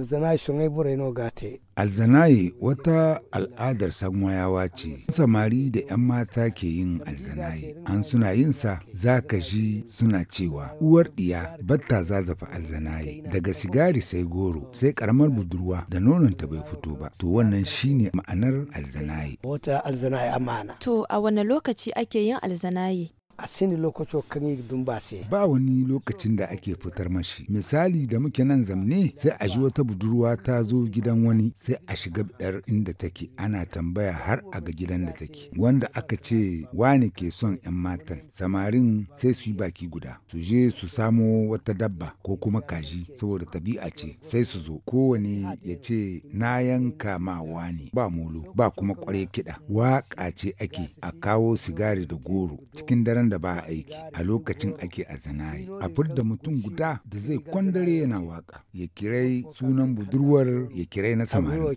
alzanaye shunai burai gate alzanayi wata al'adar sanwayawa ce samari da 'yan mata ke yin alzanayi an suna yin sa za ka ji suna cewa uwar ɗiya batta zafa alzanayi daga sigari sai goro sai karamar budurwa da nononta bai fito ba to wannan shine ma'anar alzanayi wata alzanayi amana to a wane lokaci ake yin alzanayi a sini lokaci kan yi dumbase. Ba wani lokacin da ake fitar mashi. Misali da muke nan zamne sai a ji wata budurwa ta zo gidan wani sai a shiga bidar inda take ana tambaya har a ga gidan da take. Wanda aka ce wani ke son 'yan matan samarin sai su yi baki guda su je su samo wata dabba ko kuma kaji saboda tabi'a ce sai su zo kowane ya ce na yanka ma wani ba molo ba kuma kwarai kiɗa waƙa ce ake a kawo sigari da goro cikin daren wanda ba aiki a lokacin ake a zanayi a furda mutum guda da zai kwandare yana waka ya kirai sunan budurwar ya kirai na samari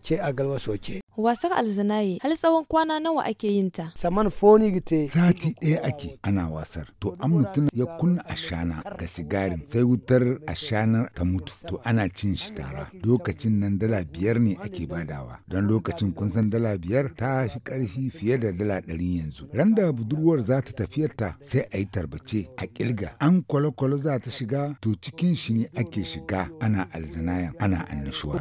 Wasar alzinaye hal tsawon kwana nawa ake yin ta? Saman foni gite. Sati ɗaya ake ana wasar. To an mutum ya kunna ashana ga sigarin sai wutar ashana ta mutu. To ana cin shi tara. Lokacin nan dala biyar ne ake badawa. Don lokacin kun san dala biyar ta fi ƙarfi fiye da dala ɗari yanzu. Ran da budurwar za ta tafiyarta sai a yi tarbace a ƙirga. An kwale za ta shiga to cikin shi ne ake shiga ana alzanayan ana annashuwa.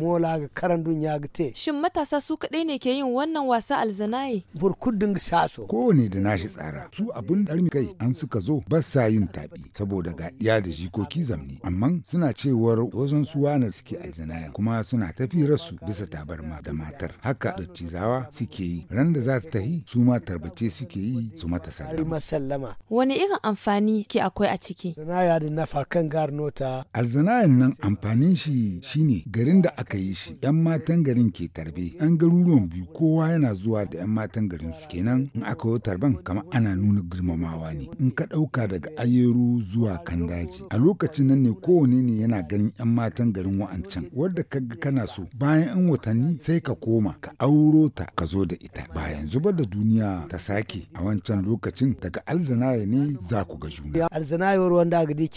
Shin matasa su kaɗai kai ne ke yin wannan wasa alzanaye burkudin shaso kowane da nashi tsara su abun da kai an suka zo ba sa yin taɓi saboda ga iya da jikoki zamni amma suna cewar wajen su wani suke alzanaya kuma suna tafiyar su bisa tabarma da matar haka da cizawa suke yi ran da za ta tahi su ma tarbace suke yi su mata sallama wani irin amfani ke akwai a ciki zanaya da nafa kan garnota alzanayen nan amfanin shi shine garin da aka yi shi yan matan garin ke tarbe yan garuruwa abubuwan biyu kowa yana zuwa da 'yan matan garin su kenan in aka yi tarban kamar ana nuna girmamawa ne in ka ɗauka daga ayeru zuwa kan daji. a lokacin nan ne kowane ne yana ganin 'yan matan garin wa'ancan wadda ka ga kana so bayan 'yan watanni sai ka koma ka auro ta ka zo da ita ba yanzu ba da duniya ta sake a wancan lokacin daga alzanaye ne za ku ga juna. alzanaye ruwan da agadi